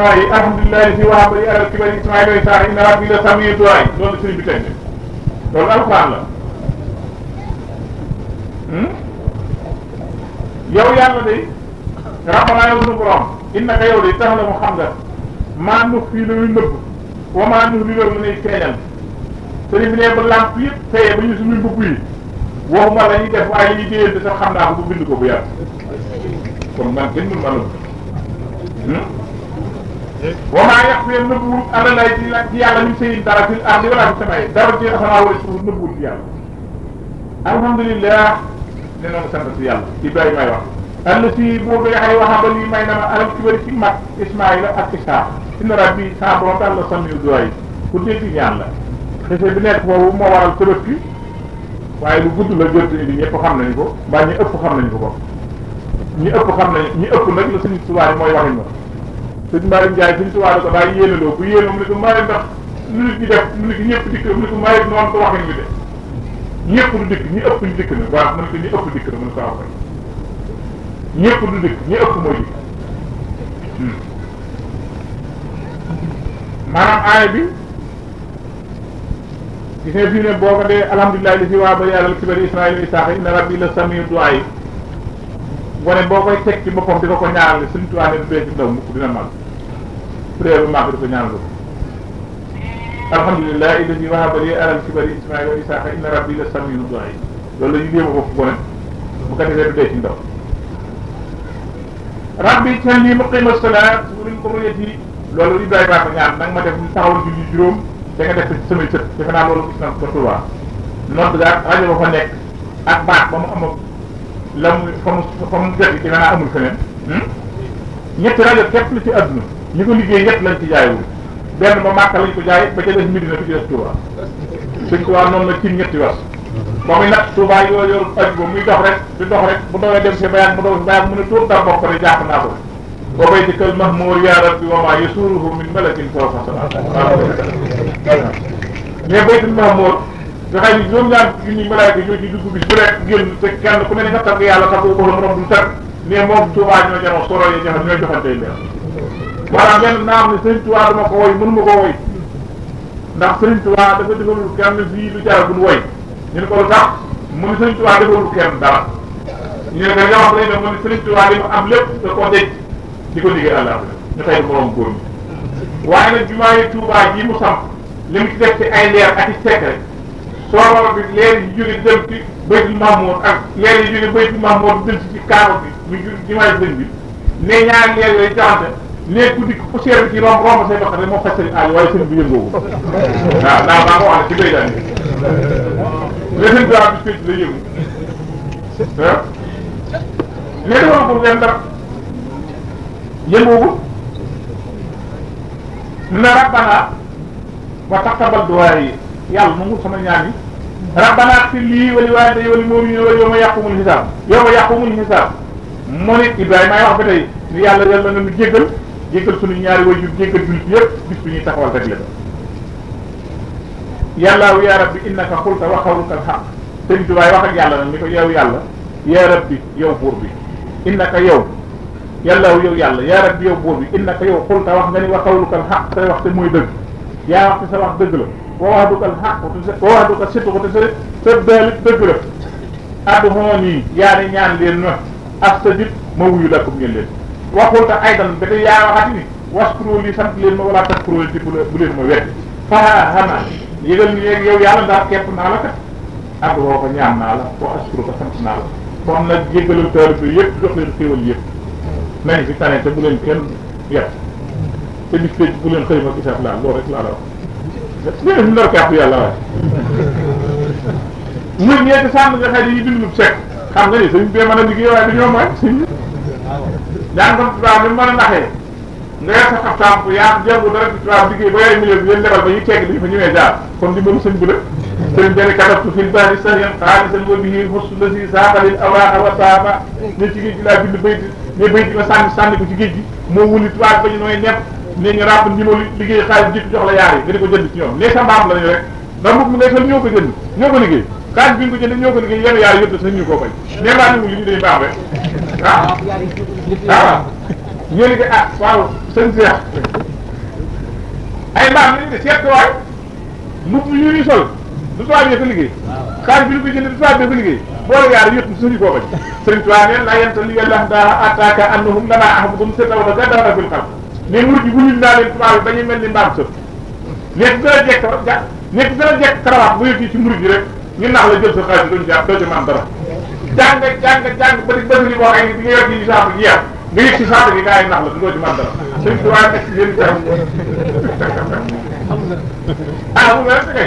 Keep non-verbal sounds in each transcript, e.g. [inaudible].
ay alhamdulilahi si waxaaba li alal kibari ismail ay saa inna rabbi la samiu duwaay loolu sëriñ bi tënk loolu alquran la yow yàlla day rabbana yow sunu borom innaka yow day tax la mu xam nga maa nu fii la ñuy nëbb wa maa nu li loolu nay feeñal sëriñ bi ne ba làmp yëpp feye ba ñu suñu mbubb yi waxuma la ñuy def waaye li ñuy déyante sax xam naa ko bu bind ko bu yàgg kon man kenn mënu ma la wa maa yàqu yéen nëbbuwul ci yàlla ñu sëyin dara fil ardi wala fi ci asanaa wala suuf nëbbuwul ci yàlla alhamdulilah nee na mu sant si ci bay may wax àll si boobu yaxay waxaaba lii may na ma alal ci bëri ci mag ismaila ak isaa inna rabbi saa borom daal la samiu duwaay ku dégg ñaan la xese bi nekk foofu moo waral kërëb ki waaye lu gudd la jot ni bi ñëpp xam nañu ko mbaa ñi ëpp xam nañu ko ko ñi ëpp xam nañu ñi ëpp nag la suñu tubaab yi mooy waxin ma sëñ Malick Ndiaye suñ tubaab da ko daal yéenaloo bu yéenoo mu ne ko Malick ndax lu nit def mu ne ko ñëpp mu ne ko Malick noonu ko waxee ñu de ñëpp du dikk ñi ëpp ñu dikk na waaw mu ne ko ñi ëpp dikk na mu ne ko aw kay ñëpp du dikk ñi ëpp moo dikk hmm. maanaam aaya boo ko dee alhamdulilah li di ko ko ñaarale suñu tuwaa ne du dina mal prière bu mag di ko ñaan ko alhamdulilah illadi wahaba li alal kibari ismaila wa isaaka inna rabbi la samiu duayi loolu la ñu yéema ko fu gone bu ko defee du dee ci ndaw rabbi ten li muqima salaat suñu ko mënee loolu Ibrahima ko ñaan nag ma def ñu taxawal julli juróom def ko ci samay sët defe naa loolu gis na ko Tuubaa nodd ga ak rajo ba fa nekk ak baat ba mu am la mu fa mu fa mu jot defe naa amul feneen hmm? rajo képp lu ci àdduna ñi ko liggéey ñëpp lañ ci jaayul benn ba Màkka lañ ko jaay ba ca des Medina fi ci des Touba suñ Touba noonu la ci ñetti wes ba muy nag Touba yoo muy dox rek di dox rek bu doxee dem si bayaag mu dox si mu ne tuur dara bopp rek ya rabbi wa ma yasuruhu min malakin sawfa salaam mais baytul mahmour nga xam ne juróom-ñaar junni malaaka ñoo ci dugg bis bu rek génn yàlla tagg ko borom mais moom Touba ñoo jaroo soro yi ñoo wala mel naa xam ne Serigne Touba dama ko woy mënuma koo woy ndax Serigne Touba dafa defalul kenn fii lu jaar bu woy ñu ko lu tax mu ne Serigne Touba defalul kenn dara ñu ne ko nga wax lay def mu mu am lépp da koo denc di ko liggéey àllaa ñu xëy borom góor ñi waaye nag bi maa Touba mu samp li ci def ci ay leer ak i secret soo leer yi jóge dem ci Baytul Mahmoud ak leer yi jóge Baytul Mahmoud dem ci ci kaaba mu jumaay sëñ bi ne ñaari leer yooyu jaxante léegi ku dikk ci romb romb say bakkan moo faj seen aaju seen bi yëngoo waaw daa daa ko wax ne ci béykat yi léegi seen bi ci lay yëngu léegi dafa am benn dara yëngoogu na rabbana wa taqabal duwaay yi yàlla mu ngi sama ñaan yi rabbana fi lii wali waay day wali moom yi wali yow ma yàqumul xisaab yow ma yàqumul xisaab mu ne Ibrahima ay wax ba tey ni yàlla yàlla na nu jéggal jéggal suñu ñaari wajur jéggal jullit yëpp bis bu ñuy taxawal rek la yàlla yàllaaw yaa rabbi innaka xulta wa xawluka alxaq sëñ Tubaay wax ak yàlla nag ni ko yow yàlla yaa rabbi yow buur bi innaka yow yàlla yàllaaw yow yàlla yaa rabbi yow buur bi innaka yow xulta wax nga ni wa xawluka alxaq say wax te mooy dëgg yaa wax te sa wax dëgg la wa wax du ko wa wax du ko sittu ko te sa sa daalit dëgg la addu moo nii yaa ne ñaan leen na astajib ma wuyu lakkum ngeen leen waxulta aydan ba tey yaa waxati ni waskuro li sant leen ma wala taskuro ci bu leen ma wedd faa xana yëgal ni yeeg yow yàlla ndax kepp naa la kat ak ko ñaan naa la boo askuro ko sant naa la ba am nag jéggalu taal bi yëpp jox leen xéwal yëpp nañ fi tane bu leen kenn yàq te bis bu leen xëy ma isaaf laa loolu rek laa la wax léegi ñu nar kàpp yàlla waaye muy ñeenti sàmm nga xëy yi dundub sekk xam nga ni suñ bee a jàngam tubaab bi mu mën a naxee nga yor sa xaftaan bu yaa jéego dara ci tubaab liggéey ba yore milieu bi leen lebal ba ñu tegg li ñu fa ñëwee jaar kon dimbalu sëñ bi la sëriñ benn katabtu fil bahri sariyan xaalisan wa bihi xursu la si saaxalil awaaxa wa saaba ne ci géej gi laa bind bayti ne bayti ma sànni sànni ko ci géej gi moo wuli tubaab ba ñu nooy nepp ne ñu ràpp ndimbalu liggéey xaalis jiitu jox la yaar yi nga di ko jënd ci ñoom ne sa mbaam lañu rek ndax mbub mu ngay sol ñoo ko jënd ñoo ko liggéey xaalis bi nga ko jënd ñoo ko liggéey yenn yaar yëpp sax ñu koo fay ne mbaa ni mu li ñu day baax rek waaw ah? waaw ñu ne ah waaw sëñ Seex ay mbaam lañ de seet waay mbubb yu ñuy sol du tubaab yi ko liggéey xaalis bi ñu ko jënd du tubaab yi ko liggéey boole yaar yëpp suñu koo bañ sëñ Tuubaa neen laa yenta li yàlla daa attaaka annahum lanaa ahbudum se taw da gaddaana fil xalq ne murid yi wuñu naa leen tubaab yi mel ni mbaam sëf nekk gën a jekk ja nekk gën a jekk karawaat bu yëg ci murid yi rek ñu nax la jël sa xaalis duñ jàpp doo ci man dara jàng jàng jàng ba di bëri li mu wax ay di nga yor ci saako ji nax la doo ci mën dara. sëñ bi waaye nag yéen itam. [laughs] ah mu mel ne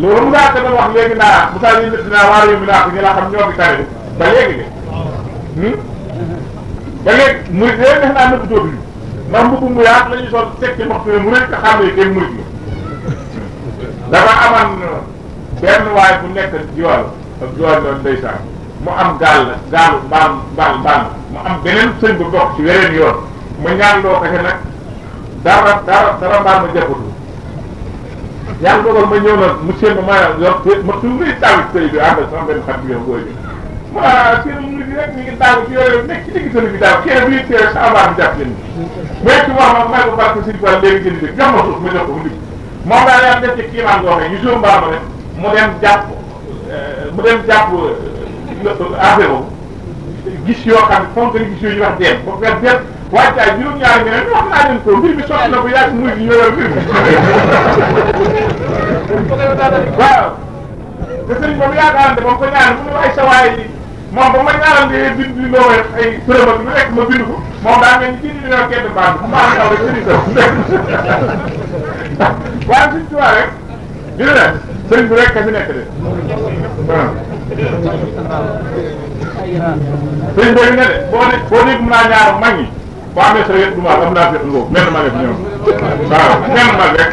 loolu mu daal dama wax léegi naa bu saa yéen dinaa waar yëngu naa ko ñu la xam ñoo ngi tare ba léegi de. Hmm? ba léegi murid yooyu def naa nëbb dootuñu ndax mbubb mu yaat la ñuy sol teg ci waxtu mu rek nga xam ne kenn murid la dafa amoon benn waay bu nekk jiwal ak jooy doon ndeysaan mu am gaal la gaalu mbaam mbaam mu am beneen sëñ bu bokk ci weneen yoon ma ñaan loo ko ca nag dara dara dara mbaam ma jàppatu yàlla dogal ma ñëw nag monsieur ma maa yor te ma tuur ngay taw sëy bi ànd sama benn xam bi bi ma seen mu ngi rek mi ngi yooyu nekk ci digg sëriñ bi daaw kene bi tee sa mbaam jàpp leen mais ci wax ma maa ko barke sëriñ Fall léegi jënd bi jox ma suuf ma jox ko mu digg moom daa daan def ci kiimaan goo xam ne ñu suur mbaam rek mu dem jàpp Euh, mu dem jàpp euh, affaire boobu gis yoo xam fonte gis yooyu ñu wax dem ba nga dem wàccaay juróom-ñaari mi ne wax naa leen ko mbir mi sotti na ko yàgg muy ñu yore mbir mi waaw te sëriñ boobu yaakaar na ba ko ñaan mu ne ay sawaay yi moom ba ma ñaanal de bind li loo wax ay tërëma lu nekk ma bind ko moom daa mel ni bind li ñoo kenn baax bu baax taw rek sëriñ tam waaye suñ tuwaa rek dina ne sëriñ bu rek ka fi nekk de waaw. sëñ bi nga de boo de boo dégg mën naa ñaar mag ñi boo amee ma am naa fi yëpp menn mag ñoom waaw menn mag rek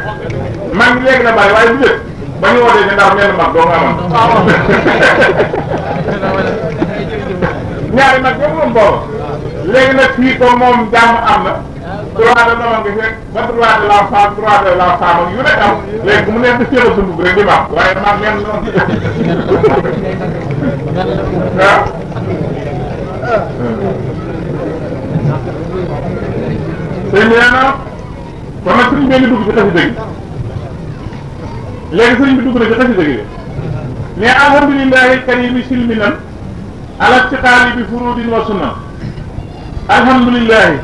mag ñi léegi la bàyyi waaye bu njëkk ba ñu wootee ne ndax menn mag doo nga amoon. ñaari mag yëpp moom booba léegi nag droit de l'homme bi fekk ba droit de la femme droit de la femme ak yu ne am léegi mu nekk cër sunu rek di baax waaye damaa mel noonu. waaw. Ah. te nee na kon nag sëriñ bi dugg ci xasida gi léegi sëriñ bi dugg na ci xasida gi mais alhamdulilahi karimi silminan ala tiqaali bi furudin wa sunna alhamdulilahi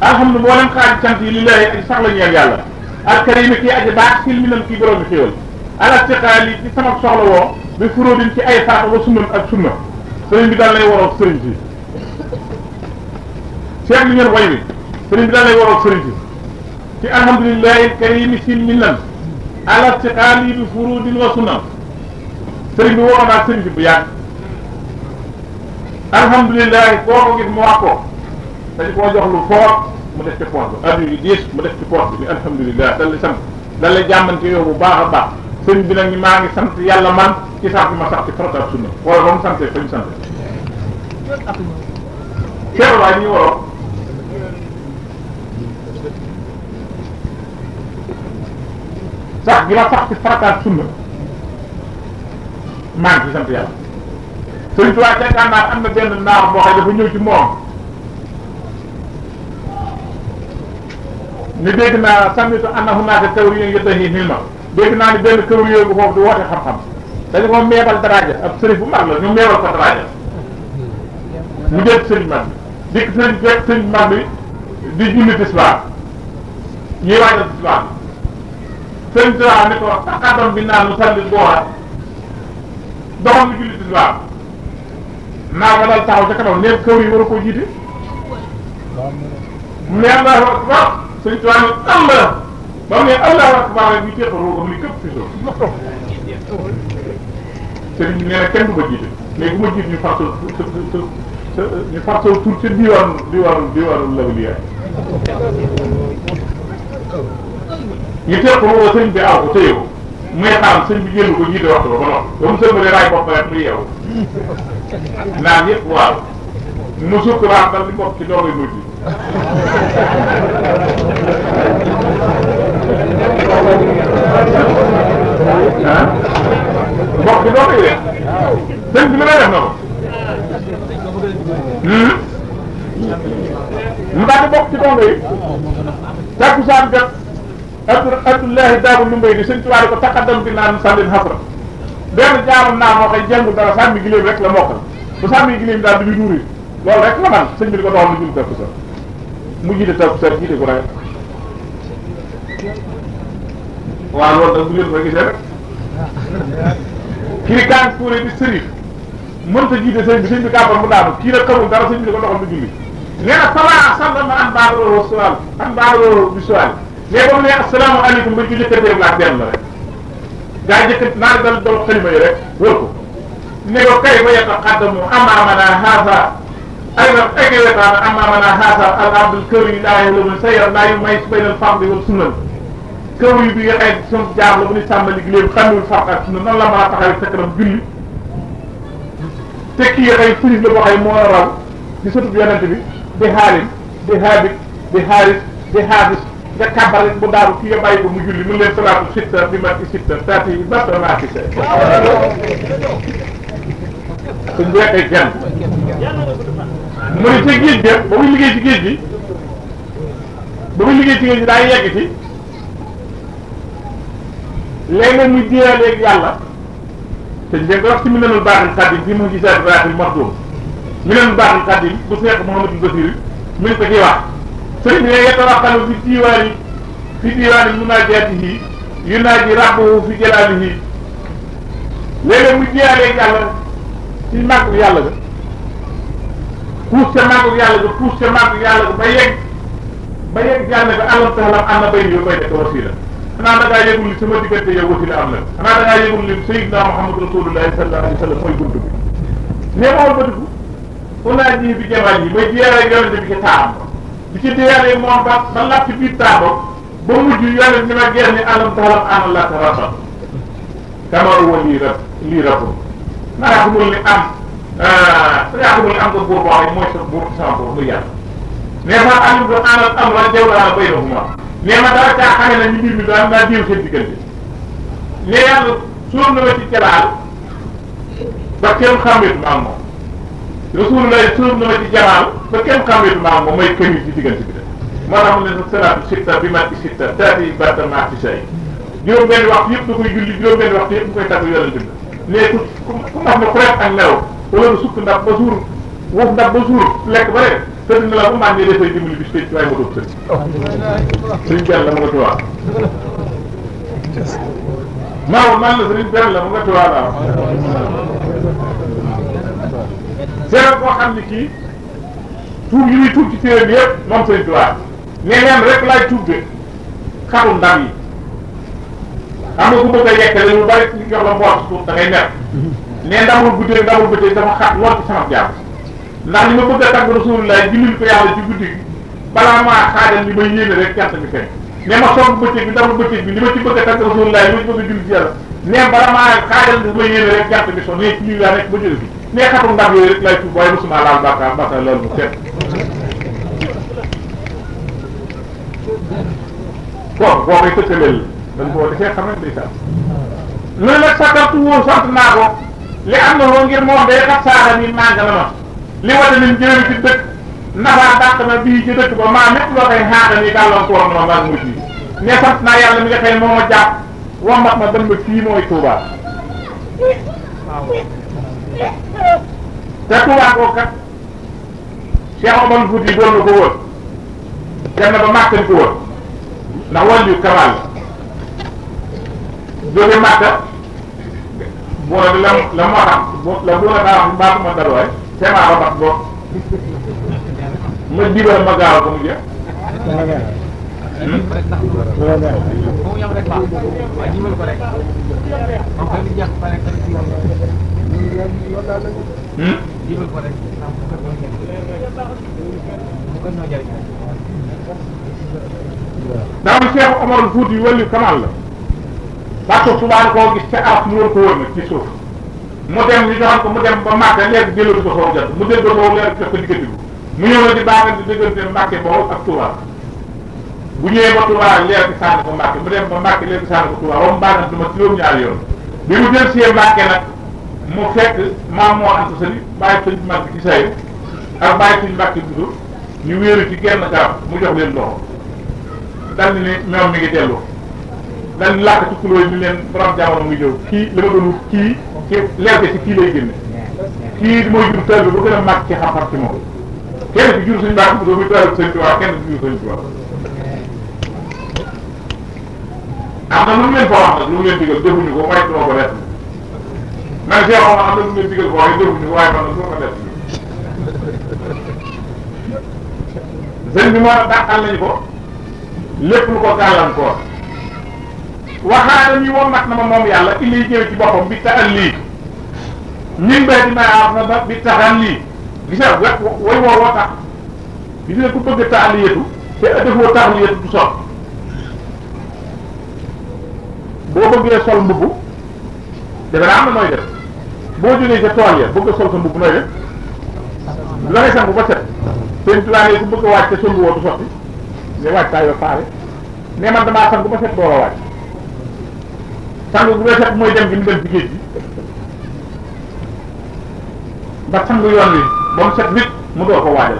alhamdu mboolem xaaju cant yi lillahi ak sax la ñeel yàlla al karimi kii aji baax silminam kii borom xéewal al astiqaali ci sama soxla woo bi furóodin ci ay farata wa sunnam ak sunna sëriñ bi daal lay waroog sëriñ si seet li ngeen way bi sëriñ bi daal lay waroog sëriñ si ci alhamdulillahi karimi silminam al astiqaali bi furóodin wa sunnam sëriñ bi waroon naa sëriñ si bu yàgg alhamdulillahi koo ko gis mu wax ko dañ koo jox lu foor mu def ci poos bi addu yu diis mu def ci poos bi ni alhamdulillah dal la sant dal la jàmmante yow bu baax a baax sëriñ bi nag ni maa ngi sant yàlla man ci sax ma sax ci farata sunna xool ba mu sante sant waay ñu waroo sax gi la sax ci sunna maa ngi ci sant yàlla tuwaa am na benn boo xam dafa ñëw ci moom ni dégg naa samitu anna hunaka kawriyun yuddahi ilma dégg naa ni benn kawriyo bu foofu du woote xam-xam dañu ko meebal daraja ab sëriñ bu mag la ñu meebal ko daraja mu jël sëriñ mag bi dikk sëriñ fekk sëriñ mag bi di julli tisbaar ñuy ni ko taqaddam bi naan nu salli boora doxal mu julli tisbaar naa ko dal taxaw ca kanam neen kawri waru koo jiite mu ne allahu akbar sëñ Tuubaa ñu tàmbalam ba mu ne allahu akbar rek ñu teex roogam li këpp fi suuf sëriñ bi nee na kenn du ma jiite léegi bu ma jiit ñu far sa sa ñu far sa tur ca diwaanu diwaanu diwaanu lawliyaa ñu teex roogam sëriñ bi aw ko téye ko muy xaam sëñ bi jëlu ko jiite waxtu ba ba noppi ba mu sëmbalee raay bopp rek muy yeewu naan yëpp waaw mu sukk raam dal di bokk ci doog a mujj ah mbokk bi doo koy def sëñ bi li may def noonu. Hmm? lu tax bokk ci dongo yi takkusaan jot abdu abdullahi daabu lu mbay di sëñ tubaab ko taqaddam bi naan sànnin xafra benn jaamu naa moo koy jàngu dara sàmmi gileem rek la mokkal bu sàmmi gileem daal di ñu nuuri loolu rek la man sëñ bi di ko doxal mu julli takkusaan mu jiite takkusaan jiite ko rek waaw loolu da bu ngeen ko gisee rek kii kaan kuure di sëriñ mënta jiite sëriñ bi sëriñ bi kàmbal mu daanu kii nag xamul dara sëriñ bi ko doxal mu julli nee na sala salla ma an baaroo wa suwaal an baaroo bi suwaal mais ba mu ne asalaamaaleykum bañ ko jëkkatee laaj benn la rek daa jëkkat naa dal dol xalima yi rek wër ko ne ko kay ba yata xaddamu amaamana haasa أيضا أجلت عن أمامنا هذا الأرض الكريم لا يهلم سير لا يميز بين الفرد والسنن kaw yi bi nga xëy sunu jaam la bu ñu sàmmali gi léegi xamul fàq ak sunu nan la mën a taxawee sa kanam julli tekki yi xëy sunu la boo xëy moo raw di sëtub yonent bi di xaalim di xaabit di xaaris di xaabis nga kàbbal bu daaru kii ya bàyyi ko mu julli mu leen salaatu sitta bi mat i sitta taati yi bas na sitta suñ bu yekkee genn mu ne ca géej ba muy liggéey ci géej gi ba muy liggéey ci géej gi daa yegg ci léeg-léeg ñu jiyaaleeg yàlla te njëkk wax ci mi nenul baaxin xadim mu gisaat baaxin maxdum mi nenul baaxin xadim bu Cheikh Mouhamadou yàlla ci puus ca màggu yàlla ga puus ca màggu yàlla ga ba yegg ba yegg yàlla ga alam taxalam am na bay yo bay nekk wasila انا دا يغول لي سما ديغت يغوتي لا امنا انا دا يغول لي سيدنا محمد رسول الله صلى الله عليه وسلم موي بنت بي مي مول بنت بو ولا دي بي جابا دي مي ديالا يغول دي بي تام دي كي ديالا مام با با لا تي بي تام بو مجي يالا نيما غيرني الله تعالى ان الله تعالى كما هو لي رب لي رب ما يقول لي ام آه، ا فلا يقول ام بو باي موي سو بو سامبو مي يالا نيما ان بو ان ام راجو على بيرهما nee ma dara caa xamee la ñu mbir mi daan daa déew seen diggante ne yàlla sóor na ma ci jalaal ba kenn xàmmeetu ma am moom rasulullah sóor na ma ci jalaal ba kenn xàmmeetu ma am moom mooy kër yi ci diggante bi de moo tax mu ne sa salaatu sitta bi ma ci sitta taati bata ma ci say juróom benn waxtu yëpp da koy julli juróom benn waxtu yëpp mu koy tàgg yàlla dëgg ne ku ku max na ku rek ak nelaw wala sukk ndax ba suur wuuf ndax ba suur lekk ba rek sëriñ bi la bu màndee dafay dimbali bis tey ci waaye moo doon sëriñ sëriñ benn la mu nga tuwaa naaw man la sëriñ benn la mu nga tuwaa laa seeral koo xam ne kii tuub yi ñuy tuub ci téere bi yëpp moom sëriñ tuwaa ne neen rek laay tuub de xaru ndam yi xam nga ku bëgg a yekkale lu bari li nga wax la mboot suuf da ngay mer ne ndamul guddee ndamul bëccëg dafa xat lool ci sama jàmm ndax li ma bëgg a tagg rasulullah jullil ko yàlla ci guddi gi balaa maa xaajal li may yéene rek cant bi feeñ ne ma soog bëccëg bi ndax bëccëg bi li ma ci bëgg a tagg rasulullah li ma ci bëgg a jull ci yàlla ne balaa maa xaajal li may yéene rek cant bi so ne ci lii laa nekk ba jël ne xatu ndax yooyu rek lay tuub waaye mosuma laal bàkkaar bàkkaar loolu mu seet kooku boo koy tëkkaleel la dañ koo defee xam ne day sàmm lu nag sakartu woo sant naa ko li am na loo ngir moom day xat saara ni li wane nañ jëlee ci dëkk nafa dàq bii ci dëkk ba maa nekk loo koy xaaral ni gàllankoor na ma maa ngi mujj ne sant naa yàlla mi nga xëy moo ma jàpp wambat ma dem ba fii mooy Touba waaw te Touba kooku kat Cheikh Omar Fouti doon na ko wër dem ba màkkan ko wër ndax wàllu kamal jóge màkka boo la la moo tax la boo la daa wax mbaatu ma dadoy seemaa ba baax ma dibal ma gaaw ko mu jeex. Hmm? daaw Cheikh Omar Fouti wàllu kamal la. bàttu subaan koo gis ca araf mu wër ko wër nag ci suuf. mu dem ñu joxoon ko mu dem ba màgg léegi jëlatu ko foofu jot mu jël ko foofu leer ko diggante bi mu ñëw di baaxal di diggante mbàkke boobu ak tuuba bu ñëwee ba tuuba leer bi sànni ko mbàkke mu dem ba mbàkke leer bi sànni ko tuuba ba mu baaxal duma juróom ñaari yoon bi mu jël sie mbàkke nag mu fekk maam moo am sa sëri bàyyi sëñ mag ci sayu ak bàyyi sëñ mbàkke budu ñu wéeru ci genn garab mu jox leen loxo dal ni ñoom mi ngi dellu dal ni làkk ci kulóoy ni leen borom jamono muy jëw kii la ma doon kii ci leer ci kii lay génne kii mooy jur taalibe bu gën a màgg ci xam-xam ci moom kenn ci jur suñu baax bu muy taalibe sëñ Tuubaa kenn ci jur sëñ Tuubaa am na lu mu leen ko wax nag lu mu leen digal defuñu ko waaye duma ko def man see xaw ma am na lu mu leen digal ko waaye defuñu ko waaye man duma ko def sëñ bi moo dàqal nañu ko lépp lu ko gàllankoor waxaana ñu wommat na ma moom yàlla ilay ñëw ci boppam bi taxal lii min bay di maa na ba bi taxal lii gisa way woowoo tax bi dina ko bëgg a taxliyatu te defoo taxliyatu du sol boo bëggee sol mbubb defe naa am na nooy def boo jógee ca tool ya bëgg a sol sa mbubb nooy def du la ngay sangu ba set seen tubaab yi ku bëgg a wàcc te sol woo du sotti ne wàcc taay ba faale ne man damaa sangu ba set door a wàcc sangu bu rafet mooy dem gi mu dem ci géej gi ndax sangu yoon wi ba mu set nit mu door ko waajal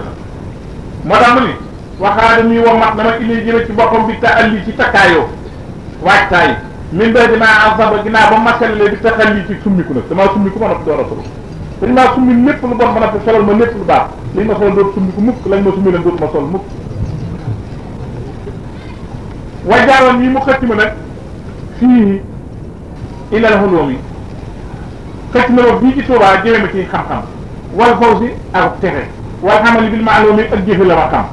moo tax mu ni waxaada muy womat dama indi jële ci boppam bi ta alli ci takkaayoo waajtaay min ba dinaa asaba ginnaaw ba masalele bi taxal lii ci summiku nag damaa summiku ma noppi door a solo dañ maa summi lépp lu bon ma noppi solal ma lépp lu baax liñ ma solal dootu summiku mukk lañ ma summi leen dootu ma sol mukk wajaaroon yi mu xëcc ma nag إلا له نومي فتن ربي تورا جرم تي خم خم والفوز أغتره والعمل بالمعلوم أجيه لبقام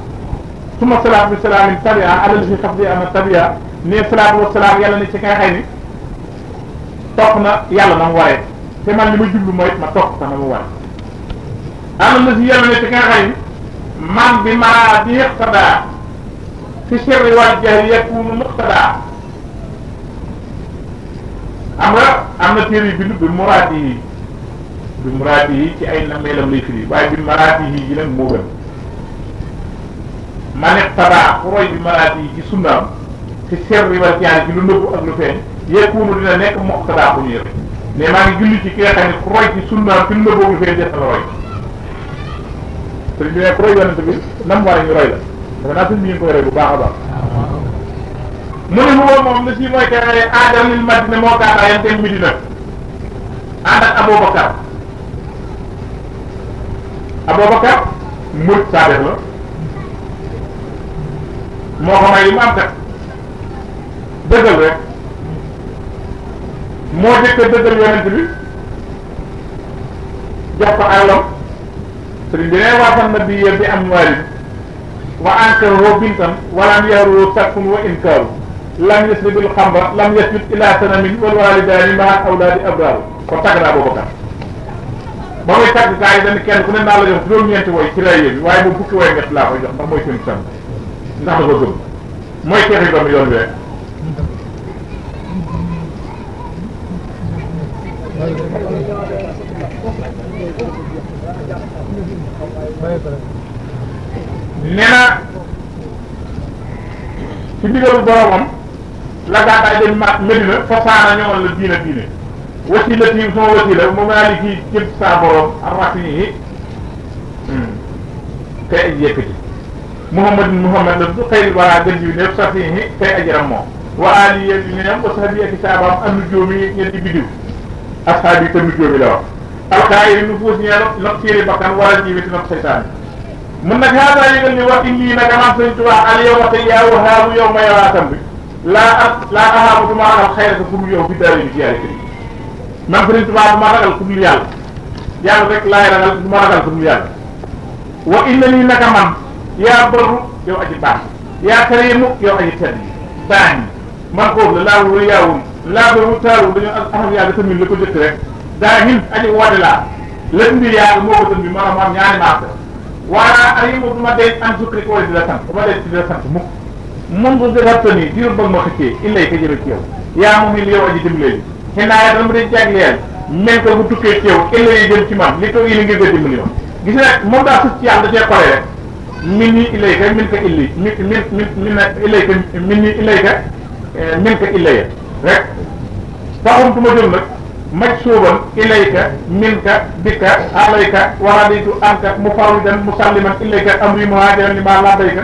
ثم صلاة والسلام التبع على الذي خفضي أما التبع ني صلاة والسلام يالا ني تكاي خيني توقنا يالا نم واي تمان لما جبل مويت ما توق تنم واي أما الذي يالا ني تكاي خيني من بما بيقتدى في سر الواجه يكون مقتدى xam nga am na téere yu bi muraati yi bi muraati yi ci ay nammeelam lay firi waaye bi maraati yi ji nag moo gën ma ne tabaa roy bi maraati yi ci sunnaam ci serri wal jaan ci lu nëbbu ak lu feeñ yeekuunu dina nekk moqtadaa ku ñëw mais maa ngi julli ci ki nga xam ne ci sunnaam ci lu nëbbu ak lu feeñ des na la roy te li ñu nekk roy bi nam war a ñu la dafa naa suñ bi koy roy bu baax a baax mu ne mu woon moom ne si mooy terrain aadamil madina moo gaadaayam dem Medina ànd ak Aboubacar Aboubacar moo ko may li mu am kat dëggal rek moo jëkk dëggal yonent bi jox ko alalam sëriñ bi ne waatan na bi yëpp bi am waari wa ankar woo bintan walam yaru sakfun wa inkaru lam yasribul xamra lam yasjud ila sanamin wal walidani maa awlaadi abraaru ko tagg naa boobu kat ba may tagg gaa yi ku ne naa la jox juróom-ñeenti woy ci rayé bi waaye moom fukki woy ñett laa koy jox ndax mooy seen sam ndax da ko gëm mooy teexi doon yoon wee nee na ci digalu boromam la gàddaay de Medina fa ñoo ñëwal la diina diine la tim so wati la mo mali ci ci sa borom hmm kay aj Muhammad Muhammad la du xëy wala gëj gën def safi hi kay ajram mo wa ali aliya bi ñam ko wa sahabi ak sa baam am jóomi ñi bidiw asxaab yi te nu jóomi la wax al alxaayiri nu fuus ñee nopp siiri bakkan wala ci jiwiti nopp seytaani mun nag haadaa yëgal ni wa inni nak am amaam sëñ Tuubaa al yow wa tey yawma wahaabu yow bi laa ak laa taxaabu du ma ragal xayraka ku dul yow bi daal bi ci yàlla kër man Sëriñ Tuubaa du ma ragal ku dul yàlla yàlla rek laay ragal du ma ragal ku dul yàlla wa inna nii naka man yaa baru yow aji baax yaa karimu yow aji tedd baax man kooku la laa wër yaa wër laa bëru taaru dañoo ak xam yàlla tamit la ko jëkk rek daa hin aji woote laa lën mbir yàlla moo ko bi maanaam la waaye ay yëngu du ma dee am sukkandiku wala di la dee mun bu di rattani diiru ba ma xëccee illay ka jëme ci yow yaa moom il yow aji dimbali xinaaye dama di jagleel mel ko bu tukkee ci yow illay jëm ci man li ko ili ngir nga dimbali yow gis nag moom daa sus ci yàlla da cee xoolee rek min ni illay ka min ka illi mi min min min illay ka min ni illay ka eh, min ka illaya rek taxum tu ma jëm nag maj suuban ilayka minka bika alayka waraditu anka mu farridan musalliman ilayka amri muhajiran li ma labayka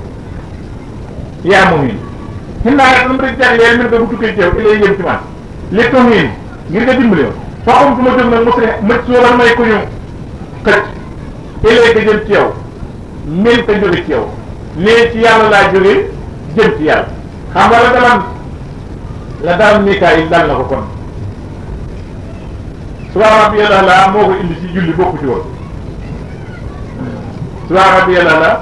yaa moom yi xin naa rek lu mu rek jagleel mën nga bu tukkee teew ilay yëm ci man li ko miin ngir nga dimbali ma fa xam ma jóg nag mos a mët soo la may ko ñu xëcc ilay nga jëm ci yow mil ka jóge ci yow nee ci yàlla laa jógee jëm ci yàlla xam nga la dalam la dalam Mikaayil dal na ko kon subhaana rabbi yàlla la moo ko indi ci julli bokku ci woon subhaana rabbi yàlla la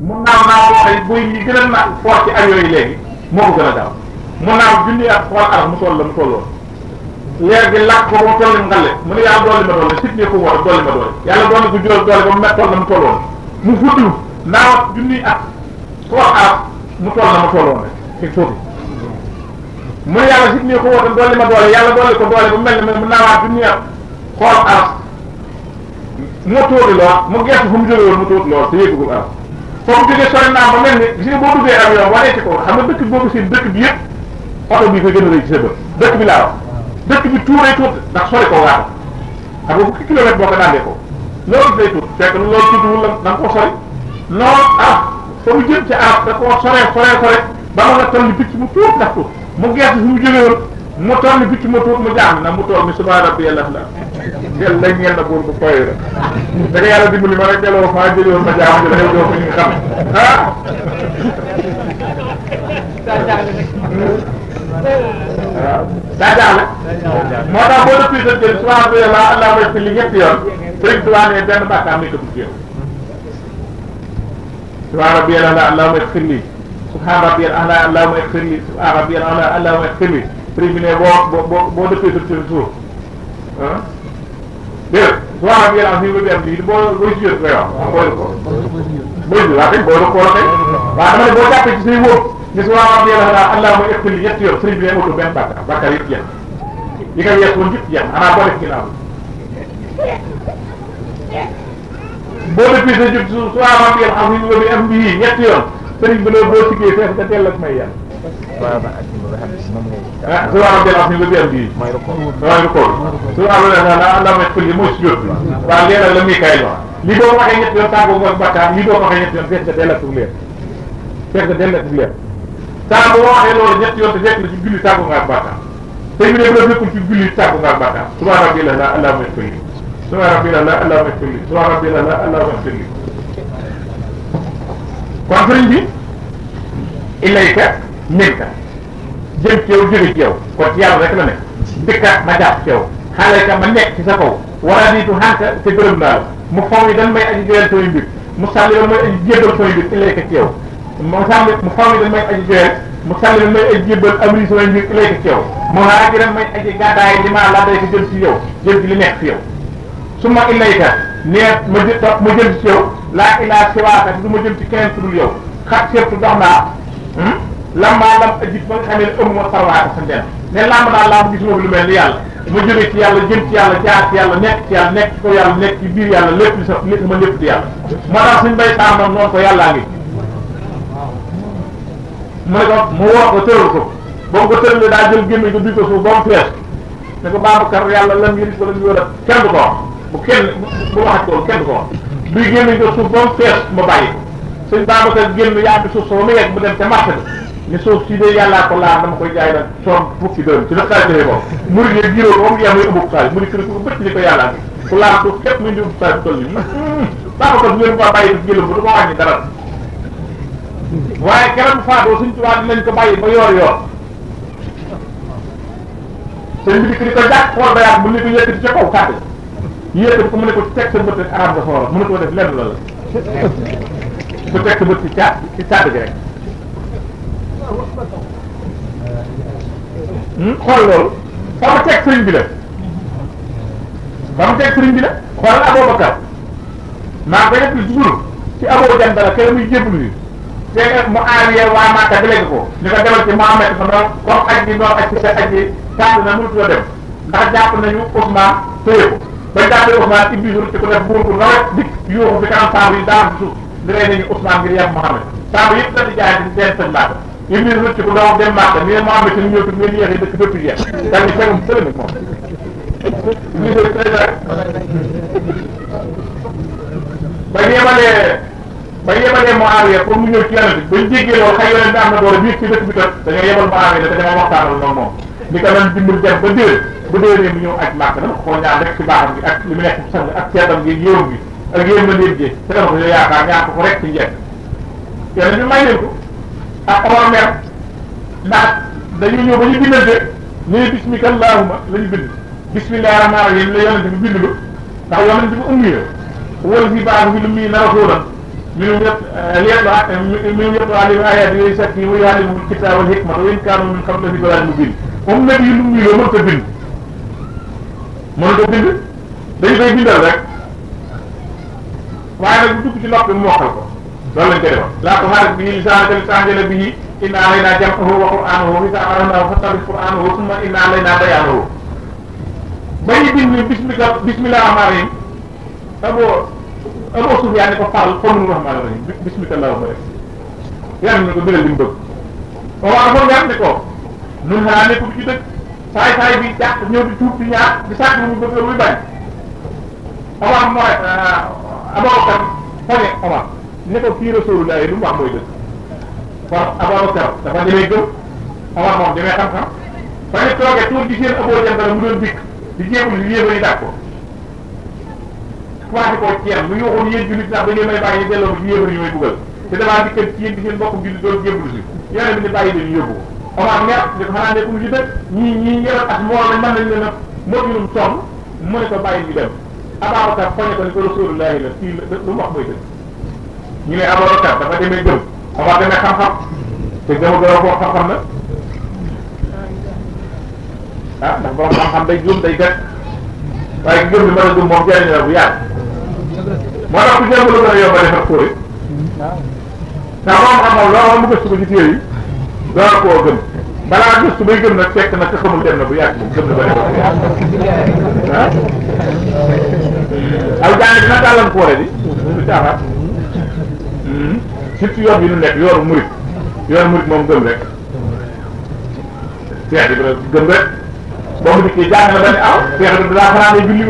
mun naaw naaw boo xam ne buy ñi gën a naaw fort ci avion yi moo ko gën a daaw mu naaw junni ak xool aar mu toll la mu tolloon leer gi làkk ko mu toll ni mu toll na mu tolloon naaw junni ak xool aar mu toll na mu tolloon rek mu ne yàlla mu mel ne mu naawaat junni ak xool aar moo tóori foofu jógee sori naa ba mel ni gis nga boo duggee avion wanee ci ko xam nga dëkk boobu seen dëkk bi yëpp oto bi ko gën a rëy ci bët dëkk bi laa wax dëkk ndax sori ko waaw xam nga fukki kilomètre boo ko daandee ko loolu day tuut fekk na loolu tuutiwul la da nga ko sori loolu arab ah, fa mu jëm ci arab da koo soree soree sore ba mën a toll picc mu tuut ndax tuut mu gerte si mu jógee woon mu toll ni bicc ma tuut mu jaaxle na mu toll ni rabbi yàlla la jël lañ ñeel na buur bu fooy la da nga yàlla dimbali ma rek delloo ma jaaxle jël xew doo ko ñu xam ah. waaw daa jaaxle. moo tax rabbi yàlla allah may fi li ñetti yoon sëriñ Tuubaa ne benn bàkkaar mi ko bu jéem. subaa rabbi yàlla allah may fi lii subaa rabbi allah allah may fi lii prix bi ne boo boo boo boo dëppee sa boo booy si yëpp ngay wax booy ko. booy si waaw kay booy ko kóol kay. waaw dama ne boo jàppee bi ne motul benn bàkkaar bàkkaar yëpp jeex yi nga yees woon nga xam ne si moom ngay. ah su ma la waxee lu bi. mooy record mooy record. su ma la waxee ah ndax mooy fële mooy si jot bi. waaw leeral la muy kay wax. li boo waxee ñetti yoon tàggoo nga bakkaar li boo waxee ñetti yoon fekk dell ak leer fekk dell ak leer saa boo waxee loolu ñetti yoon te fekk na ci julli tàggoo nga ak bakkaar te ñu ne bu la fekkul ci julli tàggoo nga ak bakkaar subaa rabbi la la allahumma salli subaa rabbi la la allahumma salli subaa rabbi la la allahumma salli kon sëriñ bi ilayka minka jël ci yow jóge ci yow kon ci yàlla rek la ma jàpp ci yow sa kaw wara niitu xànka te gërëm naa la mu faw ni dan may aji joyal samay mu sàll yoon may aji jébbal samay mbir ilayka ci yow mu sàll mu faw dan may aji mu sàll yoon may aji jébbal amri samay mbir ilayka mu xaar dan may aji ma la day ko jël yow jël li nekk yow su ma ilayka nee ma jël topp ma jël ci yow du ma jël ci keneen ku dul yow xat seetlu lambaa lam ajit ba a xamee ne ëmb ma sarwaako sa ndeem ne lamb daal lamb gisuma lu yàlla ma jóge ci yàlla jëm ci yàlla jaar ci yàlla nekk ci yàlla nekk ci ko yàlla nekk ci biir yàlla lépp li sa lépp di yàlla moo tax suñ bay saam moom noonu ko yàllaa ngi mu ne ko mu woo ko tëral ko suuf ba fees ne ko Babacar yàlla lan yëri ko lan yóor a kenn du ko wax bu kenn bu wax duy gémmiñ ko suuf ba mu fees ma bàyyi ko suñ dem ca marché ne suuf si dee yàllaa ko laal dama koy jaay nag soom fukki dërëm ci la xaalis jëlee moom muri ne giróo moom yaa muy ubbu xaalis mu ni kër ku bëcc ni ko yàllaa bi ku laal suuf képp muy ndi ubbu xaalis bu toll nii baaxul ba bàyyi daf jëlam ko bàyyi ba yoor yoor sëñ bi dikk di ko jàkk xool ba yàgg mu ni ko yëkkati ca kaw kàddu yéetam ko mu ne ko teg sa bët ak arab nga soxla mu ne ko def lenn la la ko teg sa bët ci caat ci rek Hmm? xool loolu fa ma teg sëriñ bi la fa ma teg sëriñ bi la xoolal Aboubacar maa ko def jublu ci Abou Jandala kër muy jébbalu ni te mu aawiya waa Màkka bi léegi ko ni ko demal ci Muhammad fa noonu comme aj bi noonu aj ci sa aj bi tànn na mënut la dem ndax jàpp nañu Ousmane téye ko ba jàppee Ousmane ibbi jour ci ko def buur bu nawet dikk yuuxu fi kanam saabu yi daan suuf li rey nañu Ousmane ngir yem Muhammad saabu yëpp la di jaay di seen sëñ Iblis rëcc ko daaw dem Màkka ni Muhammad te ñëw fi ngeen yéexee dëkk bépp jeex daal di fegum sële nag moom. lii de trésor ba yebalee ba yebalee Muawiya pour mu ñëw ci yonent bi bañ jéggee loolu xëy yonent bi am na doole biir ci dëkk bi tam dañoo yebal Muawiya te dama waxtaanal noonu moom ni ko doon dimbali dem ba déwén ba déwénee mu ñëw aj Màkka dama ko ñaan rek ci baaxam gi ak li mu nekk sax ak seetam gi yéewam gi ak yéem na leen jee te dama ko yaakaar ñaan ko ko rek ci njëkk yonent bi may leen ko أقرأ مير لا دليل يوبلي بيلد لي بسم الله ما لي بيلد بسم الله الرحمن الرحيم لي يوم تبي بيلد تا يوم تبي أمي أول في بعض من مين رفولا من يت آه، ليلا من يت على ما آية يدري يسكت ويعلم من كتاب الحكمة وإن كانوا من قبل في بلاد مبين أمي يوم مي يوم تبي بيلد ما تبي بيلد دليل بيلد لك وعندك تبي تلعب بالموقف loolu lañ koy defal laa ko xaalis bi ñu lisaana tamit tàngale bi ñu innaa lay naa jam'ahu wa qur'aanahu fi saa aram naa fa tabit qur'aanahu summa innaa lay naa bayaanahu ba ñu bind bismillah bismillah rahmaan rahim aboo aboo suuf yaa ne ko faral xolum rahmaan rahim bismillah ma rek yaa ne ko biral li mu bëgg waaw foofu yaa ne ko nun xanaa nekk ci dëkk saay saay bi jàpp ñëw di tuub di ñaar di sàcc mu bëgg muy bañ awaam mooy aboo kan fane awaam ne ko kii rasulullah yi lu mu wax mooy dëgg kon Ababacar dafa demee gëm Omar moom demee xam-xam ba ñu toogee tuur di seen aboo mu doon dikk di jéemul li yéen a dàq ko commencé koo ceeb lu ñu waxoon yéen jullit ndax dañoo may bàyyi delloo ko ci a ne bàyyi ko ne ko xanaa la mën a motilum mu ne ko bàyyi ñu dem Ababacar foñe ko ne ko rasulullahi la lu mu wax mooy dëgg ñu ne aborokat dafa demee gëm dafa demee xam-xam te gëm gërëm koo xam-xam na ah ndax borom xam-xam day juum day gàtt waaye gëm bi mën a gëm moom jëriñ la bu yàgg moo tax ku jàng gën a yomb a dem na bu yàgg moom gëm na ba defar bu yàgg ah aw surtout yoon yi ñu nekk yoonu murit yoonu murit moom gëm rek seex bi gëm rek boo mu dikkee jàng na ba ne aw ah, seex bi dinaa fanaan ne julli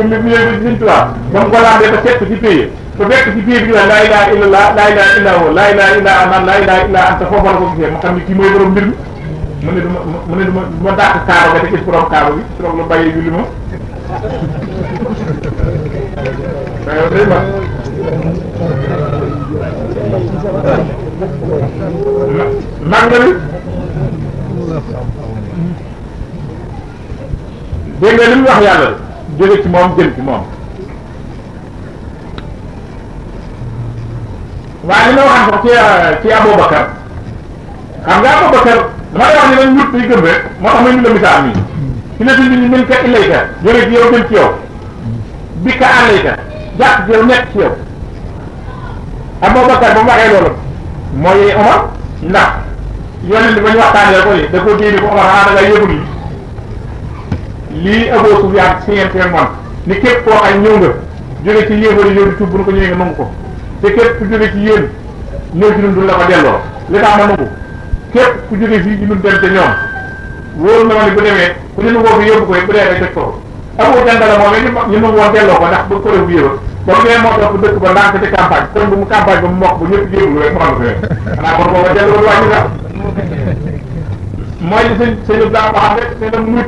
ba ba mu ko laandee ci paye ba fekk ci paye bi ñu laa ilaaha illallah laa laa ilaaha illa aman laa ilaaha illa gisee mu xam ne kii mooy borom mbir mi mu ne duma mu ne duma duma dàq kaaba ga te gis borom kaaba bi soog la bàyyee julli ma [laughs] màggali dégg nga li mu wax yàlla jóge ci moom jëm ci moom waaye li ma ne dañ ñut di loolu mooy Omar ndax yonent ba ñu waxtaanee ko ni da koo dégg ko Omar ah da ngay yëgul lii Abu Sufyaan signanteeg moom ni képp koo xam ñëw nga jóge ci yéefari ñëw di tuub bu nu ko ñëwee nga nangu ko te képp ku jóge ci yéen ko li tax ma nangu ku jóge fii ci ñun dem ñoom wóor na ma ni bu demee ku ñu nangoo fi yóbbu ko bu dee day teg ko Abu Jandala moom it ñu nangu woon delloo ko ndax ba ko def bu yëba ba mu nee moo topp dëkk ba ndànk ci campagne kon bu mu campagne ba mu mokk ba ñëpp jéegul Moy seen seen i blanc baax rek seen i mucc